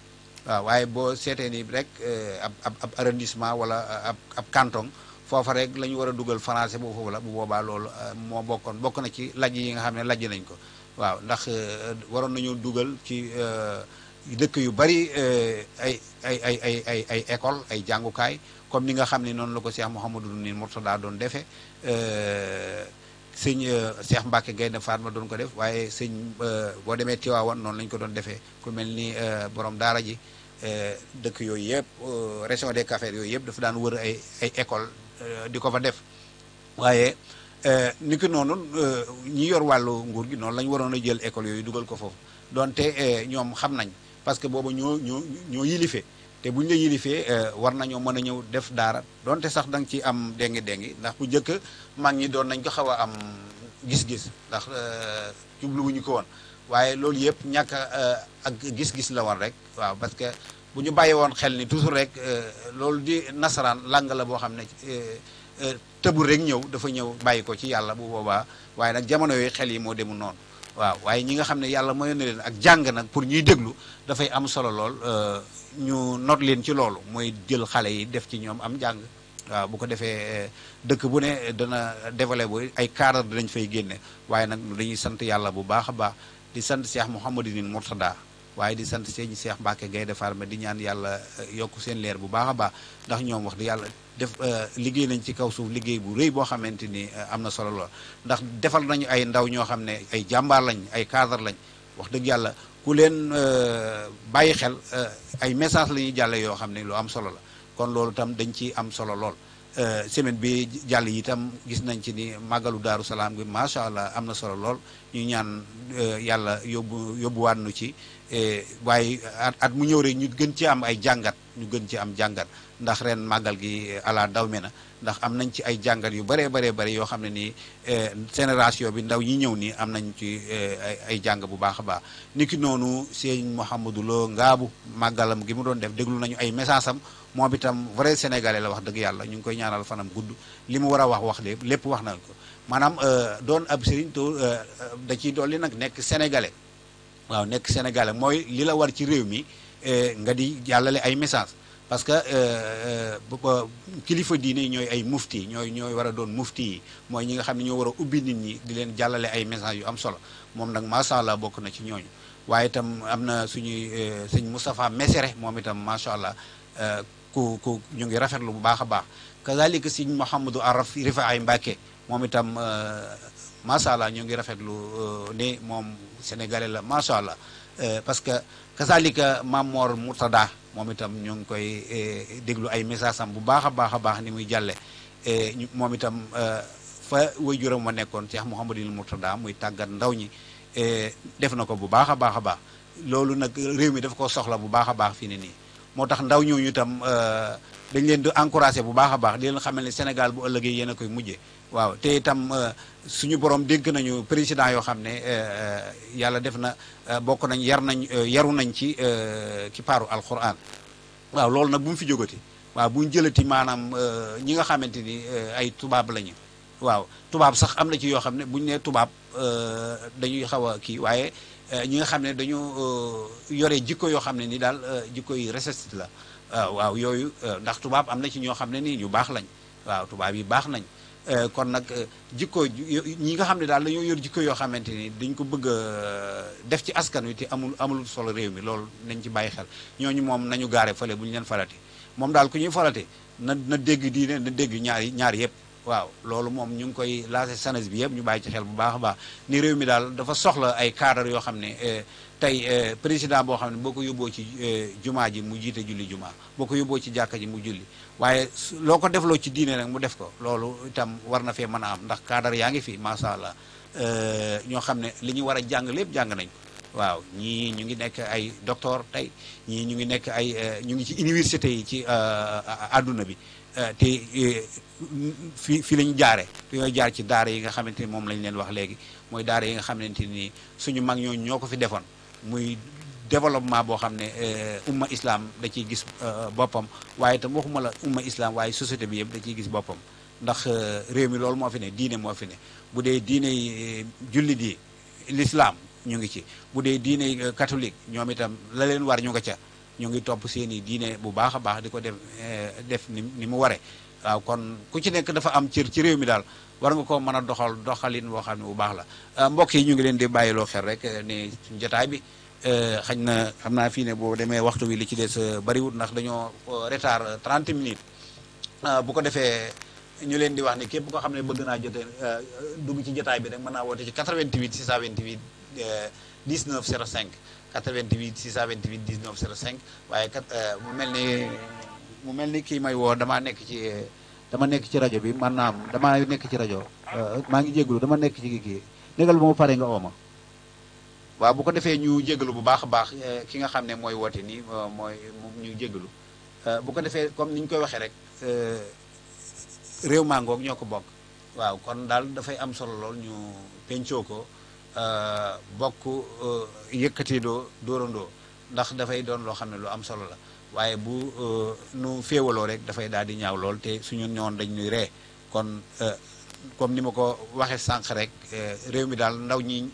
waaw waaye boo seetee nii rek euh, ab ab arrondissement wala euh, ab ab canton foofa rek la ñu war a dugal français bu foofu la bu boobaa loolu moo bokkoon bokk na ci laj yi nga xam ne lajj nañ ko waaw ndax waroon nañu dugal ci dëkk yu bari ay ay ay ay ay ay école ay jàngukaay comme ni nga xam ne noonu la ko Cheikh Mouhamadou Nil daa doon defee. sëñ euh, Cheikh Mbacke Gaynde ma doon ko def waaye sëñ euh, boo demee Tiwaawan noonu lañ ko doon defee ku mel ni euh, borom daara ji dëkk yooyu yëpp région des Cafés yooyu yëpp dafa daan wër ay ay école di ko fa def waaye ni ki noonu ñi yor wàllu nguur gi noonu la ñu waroon a jël école yooyu dugal ko foofu donte ñoom xam nañ parce que boobu ñoo ñoo ñoo yilife te bu ñu la yilifee euh, war nañoo mën a ñëw def daara donte sax da nga ciy am dengi dengi ndax bu njëkk mag ñi doon nañ ko xaw a am gis-gis ndax euh, jubluwuñu ko woon waaye loolu yëpp ñàkk euh, ak gis-gis la woon rek waaw parce que bu ñu bàyyi woon xel ni toujours rek loolu di nasaraan làng la boo xam ne tëbu rek ñëw dafa ñëw bàyyi ko ci yàlla bu boobaa waaye nag jamono yooyu xel yi moo demul noonu waaw waaye ñi nga xam ne yàlla moo mayoon na leen ak jàng nag pour ñuy déglu dafay am solo lool euh, ñu noot leen ci loolu mooy jël xale yi def ci ñoom am jàng waaw bu ko defee euh, dëkk bu ne dana développé ay cadre nañ fay génne waaye nag dañuy sant yàlla bu baax a baax di sant Cheikh Mouhamadou Nil Mourtada waaye di sant sëñ Cheikh Mbacke Gaynde ma di ñaan yàlla eh, yokk seen leer bu baax a baax ndax ñoom wax di yàlla def eh, liggéey nañ ci kaw suuf liggéey bu rëy boo xamante ni eh, am na solo la ndax defal nañu ay ndaw ñoo xam ne ay jàmbaar lañ ay cadre lañ wax dëgg yàlla ku leen bàyyi xel ay message la ñuy jàlle yoo xam ne lu am solo la kon loolu tam dañ ci am solo lool Euh, semaine bi jàll yi itam gis nañ ci ni màggalu daaru salaam gi macha allah am na solo lool ñu ñaan euh, yàlla yóbbu yóbbuwaat nu ci euh, waaye at mu ñëw rek ñu gën ci am ay jàngat ñu gën ci am jàngat ndax ren màggal gi ala daw me na ndax am nañ ci ay jàngat yu baree baree bare yoo xam ne nii génération bi ndaw ñi ñëw nii am nañ ci ay jàng bu baax a baax niki noonu sëñ Mouhamadou Lo ngaabu màggalam gi mu doon def déglu nañu ay message am moom itam vrai sénégalais la wax dëgg yàlla ñu ngi koy ñaanal fanam gudd li mu war a wax wax lépp lépp wax na ko maanaam euh, doon ab sëriñ to euh, da ciy dolli nag nekk sénégalais waaw nekk sénégalais mooy li la war ci réew mi euh, nga di jàllale ay message parce que kilifa diine yi ñooy ay mufti ñooy ñooy war a doon mufti yi mooy ñi nga xam ne ñoo war a ubbi nit ñi di leen jàllale ay message yu am solo moom nag macha allah bokk na ci ñooñu waaye itam am na suñuy sëñ Moustapha Messere moom itam macha allah ku ku ñu ngi rafetlu bu baax a baax kazalika sëñ Mouhamadou Araf ay Mbacke moom itam euh, macha allah ñu ngi rafetlu euh, ni moom sénégalais la macha allah euh, parce que kazalika Mamor Murtada moom itam ñu ngi koy déglu ay message am bu baax a baax a baax ni muy jàlle moom itam fa waajuram wa nekkoon Cheikh Mouhamadou Murtada muy tàggat ndaw ñi def na ko bu baax a baax a baax loolu nag réew mi daf ko soxla bu baax a baax fii ne nii moo tax ndaw ñooñu itam euh, dañ leen di encouragé bu baax a baax di leen xamal ne Sénégal bu ëllëgee yéen a koy mujjee waaw te itam euh, suñu borom dénk nañu président yoo xam ne euh, yàlla def na bokk nañ yar nañ yaru nañ ci ki paaru alquran waaw loolu nag bu mu fi jógati waaw bu ñu jëlati maanaam ñi nga xamante ni ay tubaab lañu waaw tubaab sax am na ci yoo xam ne bu ñu nee tubaab dañuy xaw a kii waaye. Euh, ñi nga xam ne dañu euh, yore jikko yoo xam ne ni daal euh, jikko yi recessive la waaw yooyu ndax tubaab am na ci ñoo xam ne nii ñu baax lañ waaw tubaab yi baax nañ kon nag jikko ñi nga xam ne daal dañoo yor jikko yoo xamante ni dañ ko bëgg a def ci askan wi te amul amul solo réew mi loolu nañ ci bàyyi xel ñooñu moom nañu gaare fale bu ñu leen falate moom daal ku ñuy falate na na dégg diine na dégg ñaari ñaar yëpp waaw loolu moom ñu ngi koy lancé sanes bi yëpp ñu bàyyi ci xel bu baax baax ni réew mi daal dafa soxla ay cadre yoo xam ne euh, tey euh, président boo xam ne boo ko yóbboo ci euh, jumaa ji mu jiite julli jumaa boo ko yóbboo ci jàkk ji mu julli waaye loo ko defloo ci diine rek mu def ko loolu itam war na fee mën a am ndax cadre yaa ngi fi macha allah ñoo xam ne li ñu war a jàng lépp jàng nañ waaw ñii ñu ngi nekk ay docteur tey ñii ñu ngi nekk ay ñu ngi ci université yi ci àdduna bi te fi fi lañ jaare dañoo jaar ci daara yi nga xamante ni moom lañ leen wax léegi mooy daara yi nga xamante ni suñu mag ñooñu ñoo ko fi defoon muy développement boo xam ne eh, umma islaam da ciy gis eh, boppam waaye itam waxuma la umma islam waaye société bi yëpp da gis boppam ndax eh, réew mi loolu moo fi ne diine moo fi ne bu dee diine yi jullit yi lislaam ñu ngi ci bu dee diine yi catholique ñoom itam la leen war ñu nga ca ñu ngi topp seen i diine bu baax a baax di ko def def ni ni mu waree waaw kon ku ci nekk dafa am cër ci réew mi daal war nga ko mën a doxal doxalin woo xam ne bu baax la euh, mbokk yi ñu ngi leen di bàyyiloo xel rek euh, ne jotaay bi euh, xañ na xam naa fii ne boo demee waxtu wi li ci des bariwut ndax dañoo retard 30 minutes bu ko defee ñu leen di wax ni képp koo xam ne bëgg naa jote dugg ci jotaay bi rek mën naa woote ci 88 628 19 05 88 628 19 05 waaye kat mu mel ni mu mel ni kii may woo damaa nekk ci dama nekk ci rajo bi man naam damaa nekk ci rajo euh, maa ngi jégalu dama nekk ci kii négal bu ma pare nga ooma waaw bu ko defee ñu jégalu bu baax a baax euh, ki nga xam ne mooy woote nii euh, mooy ñu jégalu bu ko defee comme ni ñu koy waxee rek réew mangoog ñoo ko bokk waaw kon daal dafay am solo lool ñu pencoo ko bokk yëkkatee doo dóorandoo ndax dafay doon loo xam ne lu am solo la waaye bu euh, nu féewaloo rek dafay daal di ñaaw lool te suñu ñoon dañ ñuy ree kon euh, comme ni ma ko waxee sànq rek euh, réew mi daal ndaw ñi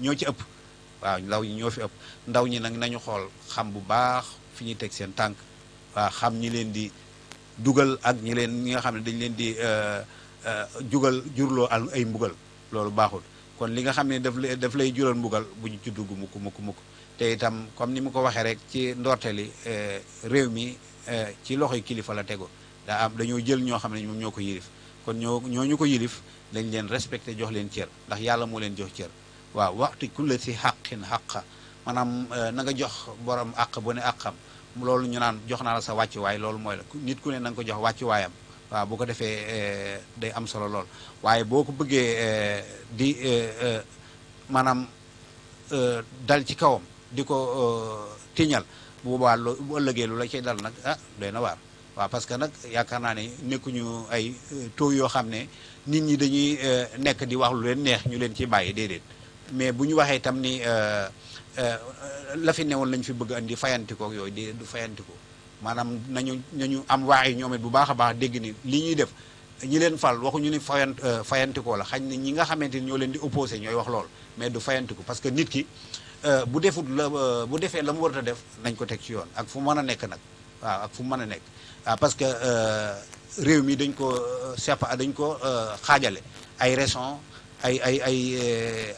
ñoo ci ëpp waaw ndaw ñi ñoo fi ëpp ndaw ñi nag nañu xool xam bu baax fi ñuy teg seen tànk waaw xam ñi leen di dugal ak ñi leen ñi nga xam ne dañ leen di jugal jurloo ay mbugal loolu baaxul kon li nga xam ne daf lay daf lay jural mbugal bu ñu ci dugg mukk mukk mukk te itam comme ni mu ko waxee rek ci ndorteli eh, réew mi eh, ci loxoy kilifa la tegu daa am dañoo jël ñoo xam ne moom ñoo ko yilif kon ñoo ñu ko yilif dañ leen respecté jox leen cër ndax yàlla moo leen jox cër waaw waxtu kulla si xàqin xàqa maanaam eh, na nga jox borom àq bu ne àqam loolu ñu naan jox naa la sa wàccuwaay loolu mooy la nit ku ne nanga ko jox wàccuwaayam waaw bu ko defee day am solo lool waaye boo ko bëggee di maanaam dal ci kawam di ko euh, tiñal bu boobaa loo bu ëllëgee lu la cay dal nag ah doy na waar waaw parce que nag yaakaar naa ne nekkuñu ay euh, taux yoo xam ne nit ñi dañuy euh, nekk di wax lu leen neex ñu leen ci bàyyi déedéet mais bu ñu waxee tam ni la fi newoon lañ fi bëgg andi fayantikook yooyu déedéet du fayantiko maanaam nañu nañu am waaye ñoom it bu baax a baax dégg ni li ñuy def ñi leen fal waxuñu ni fayant fayantikoo la xañ na ñi nga xamante ni ñoo leen di opposé ñooy wax lool mais du fayantiku ki Euh, bu defut la euh, bu defee la mu warut a def nañ ko teg ci yoon ak fu mën a nekk nag waaw ak fu mën a nekk waaw parce que euh, réew mi dañ ko seppa dañ ko xaajale ay région ay ay ay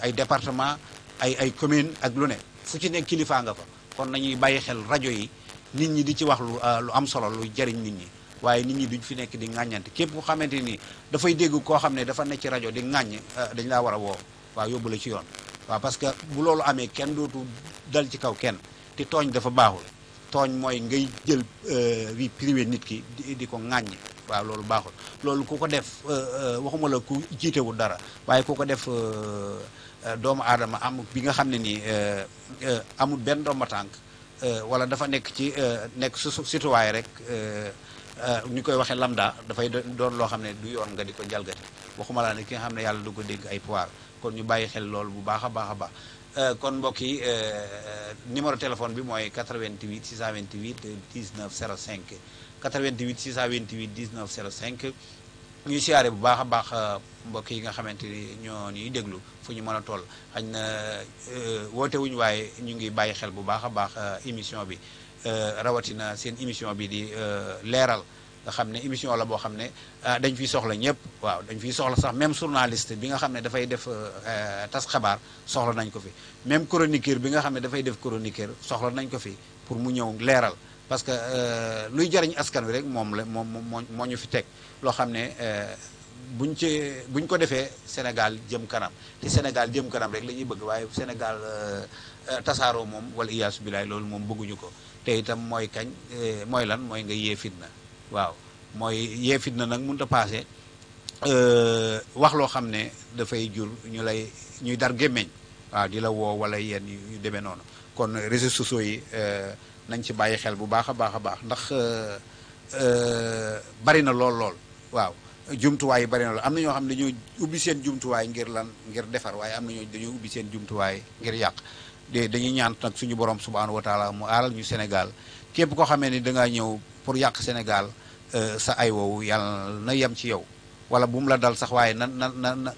ay département ay ay commune ak lu ne fu ci nekk kilifaa nga fa kon nañuy bàyyi xel rajo yi nit ñi di ci wax lu lu am solo lu jariñ nit ñi waaye nit ñi duñ fi nekk di ŋàññante képp ku xamante ni dafay dégg koo xam ne dafa nekk ci rajo di ŋàññ dañ laa war a woo waaw yóbbu la ci yoon waaw parce que bu loolu amee kenn dootu dal ci kaw kenn te tooñ dafa baaxul tooñ mooy ngay jël euh, vie privée nit ki di ko ŋàññi waaw loolu baaxul loolu ku ko def euh, euh, waxuma la ku jiitewul dara waaye ku ko def doomu aadama am bi nga xam ne nii amut benn ndomba tànk wala dafa nekk ci nekk su situwaay rek ni koy waxee lambda dafay doon loo xam ne du yoon nga di ko jalgati waxuma laa ne ki nga xam ne yàlla du ko dégg ay pouvoir kon ñu bàyyi xel loolu bu baax a baax a baax euh, kon mbokk yi euh, euh, numéro téléphone bi mooy cinq 88 628 19 05 88 628 19 05 ñu siyaare bu baax a baax mbokk yi nga xamante ni ñoo ñuy déglu fu ñu mën a toll xañ na wootewuñu waaye ñu ngi bàyyi xel bu baax a baax émission bi rawatina seen émission bi di leeral nga xam ne émission la boo xam ne ah, dañ fiy soxla ñëpp waaw dañ fiy soxla sax même journaliste bi nga xam ne dafay def euh, euh, tas xabaar soxla nañ ko fi même chroniqueur bi nga xam ne dafay def chroniqueur soxla nañ ko fi pour mu ñëw leeral parce que euh, luy jariñ askan wi rek moom la moom moo moo ñu fi teg loo xam ne buñ ci buñ ko defee Sénégal jëm kanam te Sénégal jëm kanam rek la ñuy bëgg waaye Sénégal tasaaroo moom wala iyaasu bilaay loolu moom bëgguñu ko te itam mooy kañ mooy lan mooy nga yee fitna. waaw mooy yee fitna nag mënut a paase euh, wax loo xam ne dafay jur ñu lay ñuy dar gémmeñ waaw di la woo wala yenn ñu demee noonu kon réseaux sociaux yi euh, nañ ci bàyyi xel bu baax a baax a baax ndax euh, bari na lool lool waaw jumtuwaay yi bari na lool am na ñoo xam ne dañoo ubbi seen jumtuwaay ngir lan ngir defar waaye am na ñoo dañoo ubbi seen jumtuwaay ngir yàq de dañuy ñaan nag suñu borom subhaanahu wa taala mu aaral ñu Sénégal képp koo xame ni dangaa ñëw pour yàq Sénégal euh, sa ay wowu yàlla na yem ci yow wala bu la dal sax waaye na na na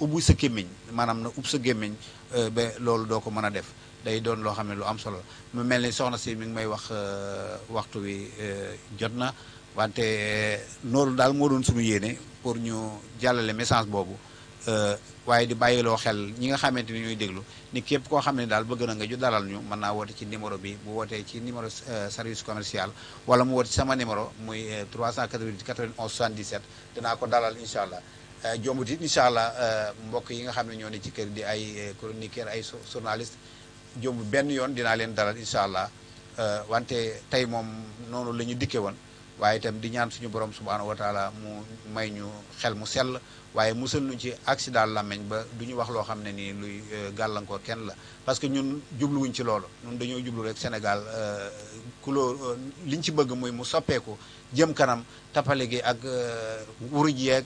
ubbi sa gémmiñ maanaam na ub sa gémmiñ euh, ba loolu doo ko mën a def day doon loo xam ne lu am solo mu mel ni soxna si mi ngi may wax euh, waxtu wi jot na wante noonu daal moo doon sumu yéene pour ñu jàllale message boobu Euh, waaye di bàyyiloo xel ñi nga xamante ni ñuy déglu ni képp koo xam ne daal bëgg na nga ju dalal ñu mën naa woote ci numéro bi bu wootee ci numéro euh, service commercial wala mu woote ci sama numéro muy 388 91 77 dinaa ko dalal incha allah euh, jombut it incha allah mbokk yi nga xam ne ñoo ne ci kër di ay chroniqueur ay journaliste jomb benn yoon dinaa leen dalal insha allah wante tey moom noonu la ñu dikke woon waaye itam di ñaan suñu borom subhaanahu wa taala mu may ñu xel mu sell waaye musal ñu ci accident làmmeñ ba du ñu wax loo xam ne nii luy euh, gàllankoor kenn la parce que ñun jubluwuñ ci loolu ñun dañoo jublu rek Sénégal kuloo euh, euh, liñ ci bëgg muy mu soppeeku jëm kanam tapale gi ak wuruj yeeg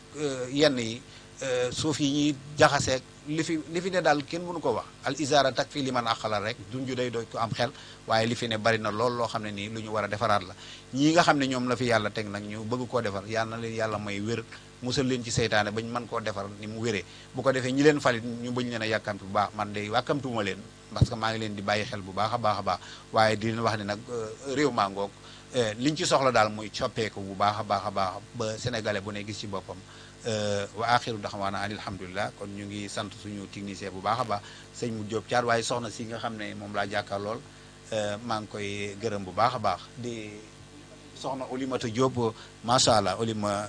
yenn yi Euh, suuf yi ñuy jaxaseeg li fi li fi ne daal kenn mënu ko wax al isaara tak fii li man àqalal rek du day doy ko am xel waaye li fi ne bari na lool loo xam ne nii lu ñu war a defaraat la ñii nga xam ne ñoom la fi yàlla teg nag ñu bëgg koo defar yàlla na leen yàlla may wér musal leen ci seytaane ba ñu mën koo defar ni mu wéree bu ko defee ñi leen falit ñu bëñ leen a yàkkamti bu baax man de yàkkamtuwuma leen parce que maa ngi leen di bàyyi xel bu baax a baax waaye di leen wax ne nag euh, réew maa Eh, liñ ci soxla daal muy coppeeku bu baax a baax a baax ba sénégalais bu ne gis ci boppam eh, wa axiru daxawaana an alhamdulilah kon ñu ngi sant suñu technicien bu baax a baax sëñ mu Jóob Caar waaye soxna si nga xam ne moom laa jàkkaar lool eh, maa ngi koy gërëm bu baax a baax di soxna Olimata Jóob macha allah Olima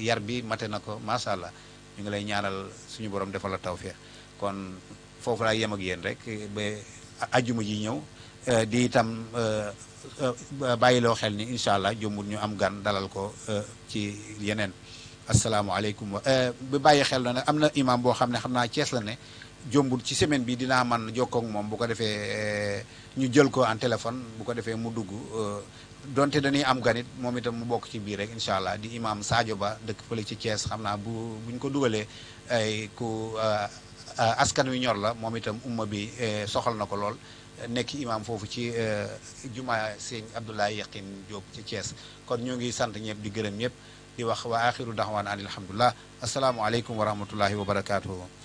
yar bi mate na ko macha allah ñu ngi lay ñaanal suñu borom defal la tawféex kon foofu laay yem ak yéen rek ba ajjuma ji ñëw Eh, di itam eh, eh, bàyyiloo xel ni incha allah jomul ñu am gan dalal ko ci yeneen asalaamaaleykum wa bi bàyyi xel na ne am na imam boo xam ne xam naa Cees la ne jombul ci semaine bi dinaa man jokkook moom bu ko defee ñu jël ko en téléphone bu ko defee mu dugg donte dañuy am ganit moom itam mu bokk ci biir rek incha allah di imam Sadio Ba dëkk fële ci cees xam naa bu buñ ko dugalee ay ku askan wi ñor la moom itam umma bi soxal na ko lool nekk imam foofu ci euh, jumaa sëñ Abdoulaye Yaqin Diop ci cees kon ñoo ngi sant ñëpp di gërëm ñëpp di wax wa axiru daxwaan an alhamdulilah asalaamualeykum wa rahmatullahi wa barakaatuhu